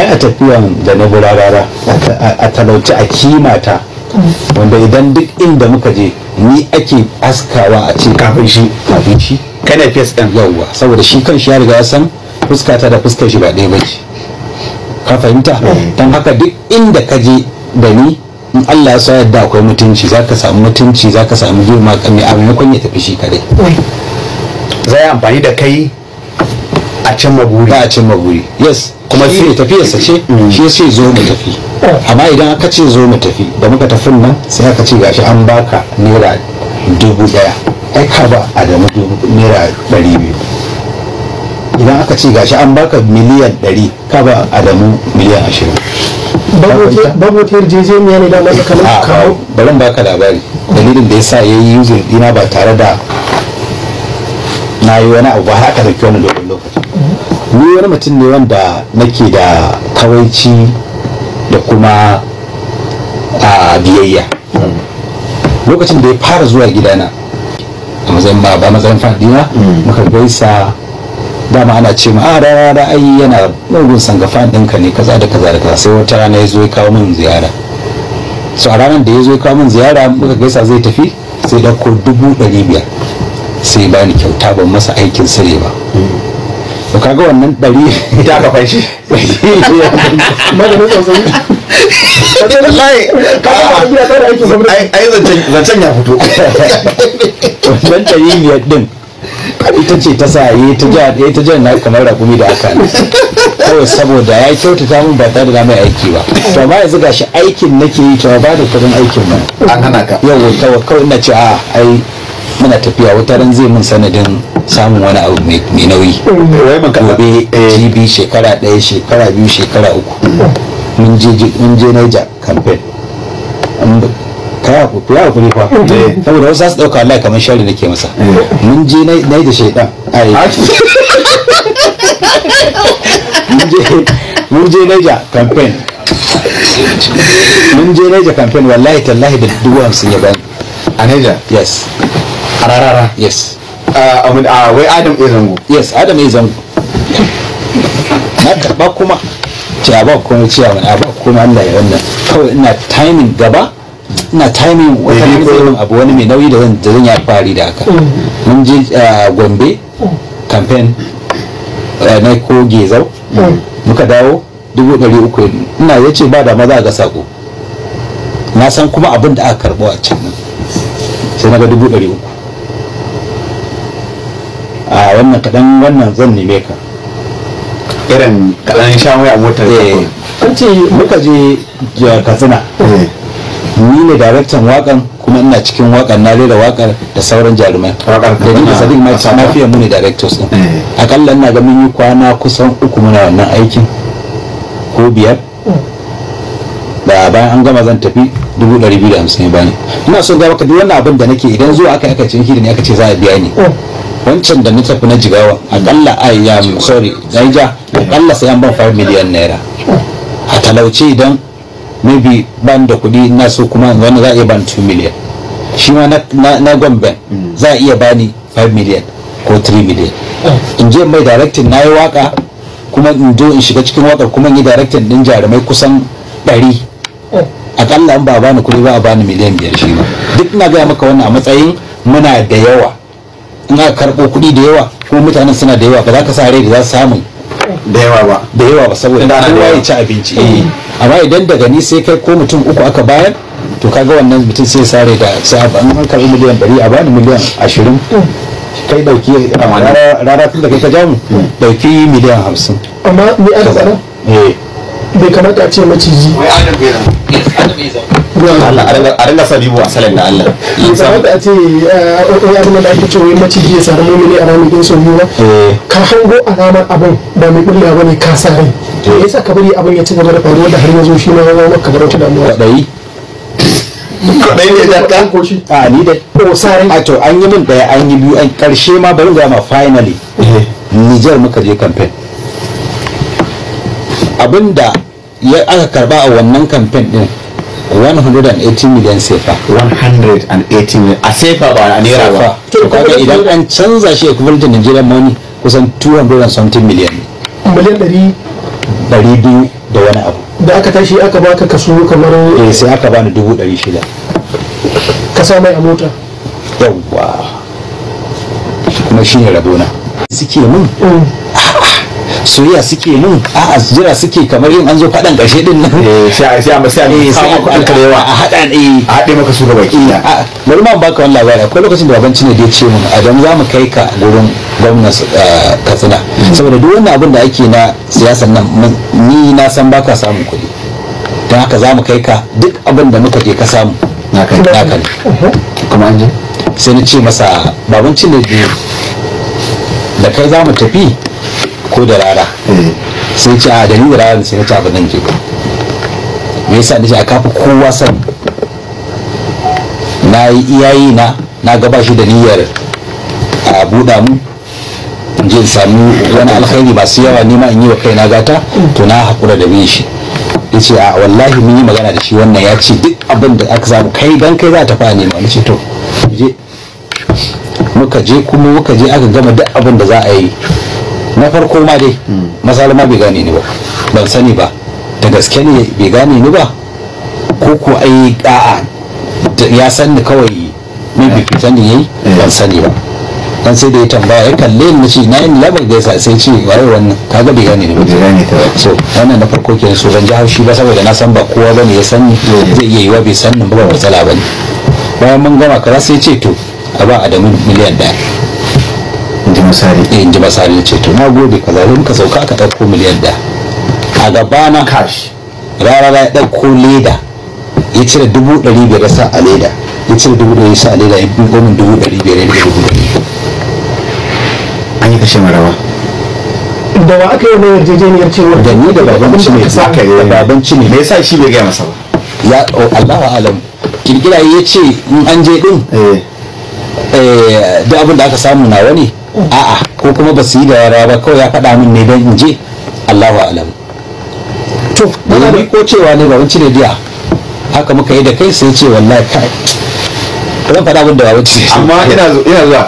ai a tafiyan da na gurarara a talauci a kimata wanda idan duk inda muka je ni ake askawa a ce kafin shi kafin shi kana fes din. yawwa saboda shi kan shi ya riga ya san fuskata da fuskar shi ba ɗaya ba ce ka fahimta don haka duk inda ka je da ni in Allah ya sa yadda akwai mutunci zaka ka samu mutunci za samu girma kanne a maimakon ya tafi shi kadai yi amfani da kai a cimma buri ba a cimma buri yes kuma sai tafiyarsa ce mm. shi sai zo mu tafi oh. amma idan aka ce zo mu tafi da muka tafi nan sai aka ce gashi an baka naira dubu daya ai ka ba a da naira ɗari biyu idan aka ce gashi an baka miliyan ɗari ka ba adamu miliyan ashirin babu ta yarjejeniya ne da masu kamar kawo barin baka labari dalilin da ya sa ya yi yuzin dina ba tare da na yi wani abu ba haka da kyau na lokacin. ni wani mutum ne wanda nake da kawaici da kuma a biyayya hmm. lokacin da ya fara zuwa gidana a matsayin ba ba matsayin fadina hmm. muka gaisa dama ana ce ma ah, a da ai yana mugun sangafa ɗinka ne kaza da kaza da kaza sai wata rana ya zo ya kawo min ziyara so a ranar da ya zo ya kawo min ziyara muka gaisa zai tafi sai ɗauko dubu ɗari biyar sai bani kyauta ban masa aikin sire ba hmm. to kaga wannan ɗari ita ka fashi maganin tsautsayi ai zancen ya fito wannan ɗari biyar din ita ce ta sa yi ta ja ta ja na kamar rakumi da aka kawai saboda ya kyautata min ba tare da mai aiki ba to amma yanzu gashi aikin nake yi to ba da kudin aikin nan an hana ka yau kawai ina ce a ai muna tafiya wata ran zai mun sanadin samun wani abu mai nauyi gobe jibi eh, shekara ɗaya shekara biyu shekara uku mun je naija campaign kaya ku kula ku ne fa eh. saboda wasu za su ɗauka Allah kamar shari nake masa eh. mun je naija shaidan mun je naija campaign mun je naija campaign wallahi tallahi da dubu hamsin ya bani a naija yes Ararara. yes uh, uh, wai adam is zango yes adam is zango na karba kuma ce ba kuma ce a ba kuma Allah ya wannan kawai ina timing gaba ina timing wata hanzarin abu wani mai nauyi da zan ya fari da haka mm. mun je uh, gombe campaign uh, na ko gezau mm. muka dawo dubu ɗari uku ina ya ce ba da maza ga sako na san kuma abin da aka karɓo a can nan sai na ga dubu ɗari uku a wannan kaɗan wannan zan neme ka irin kadan sha mai a motar eh, An ce muka je katsina eh. ni ne daraktan wakan kuma ina cikin wakan na rera wakar da sauran jarumai da ni da sadiq ma sama fiye mu ne directors din eh. akalla ina ga mun yi kwana kusan uku muna wannan aikin ko biyar da bayan an gama zan tafi dubu ɗari biyu da hamsin ya bani ina son gaba ka duk wannan abin da nake idan zuwa aka aka cin hidin aka ce za a biya ni oh. wancan da na tafi na jigawa akalla a ya sorry na ja akalla sai an ban 5 miliyan naira a talauce idan maybe ban da kuɗi na so kuma wani za a iya ban 2 miliyan shi ma na gombe za a iya bani 5 miliyan ko 3 miliyan in je mai directing na yi waka kuma in zo in shiga cikin wakar kuma in yi directing din jarumai kusan 100 akalla an ba bani kuɗi ba a bani miliyan biyar shi ma duk na gaya maka wannan a matsayin muna da yawa in aka karɓo kuɗi da yawa ko mutanen suna da yawa ba za ka sa rai da za su samu da yawa ba da yawa ba saboda kowa ya ci abinci eh, amma idan daga ni sai kai ko mutum uku aka bayar to kaga wannan mutum sai sare da sai an hankali miliyan 100 a bani miliyan 20 kai dauki rara tun da kai ka jamu dauki hmm. miliyan 50 amma ni an tsara eh. bai kamata a ce maciji a ringa sa bibu a salin na Allah a ce ya eh, abin da ake cewa wai maciji ya sami mumini a ramin ɗin sau biyu ba eh. ka hango alamar abin ba mai ɓulla ba ne ka sa rai to yasa ka bari abin ya ci gaba da faruwa da har yanzu shi ma ya zama kamar wata damuwa kwaɗayi kwaɗayi ne da ka a ni da ko sa rai a to an yi min ɗaya an yi biyu an ƙarshe ma bari ga ma finally eh. Nijar muka je campaign abinda ya aka karba a wannan kamfen din 180 million sefa 180 million a sefa ba a naira ba to kaga idan an canza shi equivalent Nigerian money kusan 270 and million miliyan 100 biyu da wani abu da aka tashi aka baka kaso kamar eh sai aka bani dubu ɗari shida ka sa mai a mota yawwa kuma shine rabona suke mun mm. soyayya suke mun a'a jira suke kamar yin an zo faɗan ƙarshe din nan eh, sai a sai a sai a eh, sai a a haɗa ne a haɗe maka su gaba kina eh, bari ma baka wannan labari akwai lokacin da babanci ne da ya ce mun adam za mu kai ka gurin gwamnan katsina hmm. saboda duk wannan abin da ake na siyasar nan ni na san baka samun kuɗi don haka za mu kai ka duk abin da muka je ka samu na kai uh-huh. kuma an je sai na ce masa babanci ne da kai za mu tafi ko da rara. Eh. sai ce a da ni da ci abin nan ke ba me yasa da shi a kafa kowa sani na yi iyayi na na gaba shi da niyyar a buɗa mu je in samu wani alkhairi masu yawa nima in yi wa kaina gata to na haƙura da bin shi yace a wallahi mun yi magana da shi wannan ya ce duk abin da aka samu kai dan kai za ta fa nema ni ce to je muka je kuma muka je aka gama duk abin da za a yi na farko ma dai masar ma bai gane ni ba ban sani ba da gaske ne bai gane ni ba ko ko ai a'a ya san ni kawai bai bifi sani yayi ban sani ba dan sai da ya tambaya ya kalle ni shi na yin labar gaisa sai ce wai wannan kaga bai gane ni ba gane ta so wannan na farko kenan so ban ji haushi ba saboda na san ba kowa bane ya san eh. zai iya yiwa bai sani ni ba ba matsala bane bayan mun gama kaza sai ce to a ba Adamu miliyan daya ji misali eh, in ji misali ya ce to na gode ka zai muka sauka ka ɗauko miliyan da. a gabana cash rarara ya dauko leda ya cire dubu ɗari biyar sa a leda ya cire dubu ɗari sa a leda ya bi gomin dubu ɗari biyar ya dubu ɗari an yi kashe marawa da ba aka yi mai yarjejeniyar cewa da ni da babanci ne da babanci ne me yasa shi bai gaya masa ba ya Allahu alam kirkira ya ce an je din eh. eh, da abin da aka samu nawa ne a'a ko kuma ba su yi da yara ba kawai ya faɗa min ne don in je Allahu alam to muna da ko cewa ne ba wani ne biya haka muka yi da kai sai ce wallahi kai zan faɗa abin da ba wani amma ina zuwa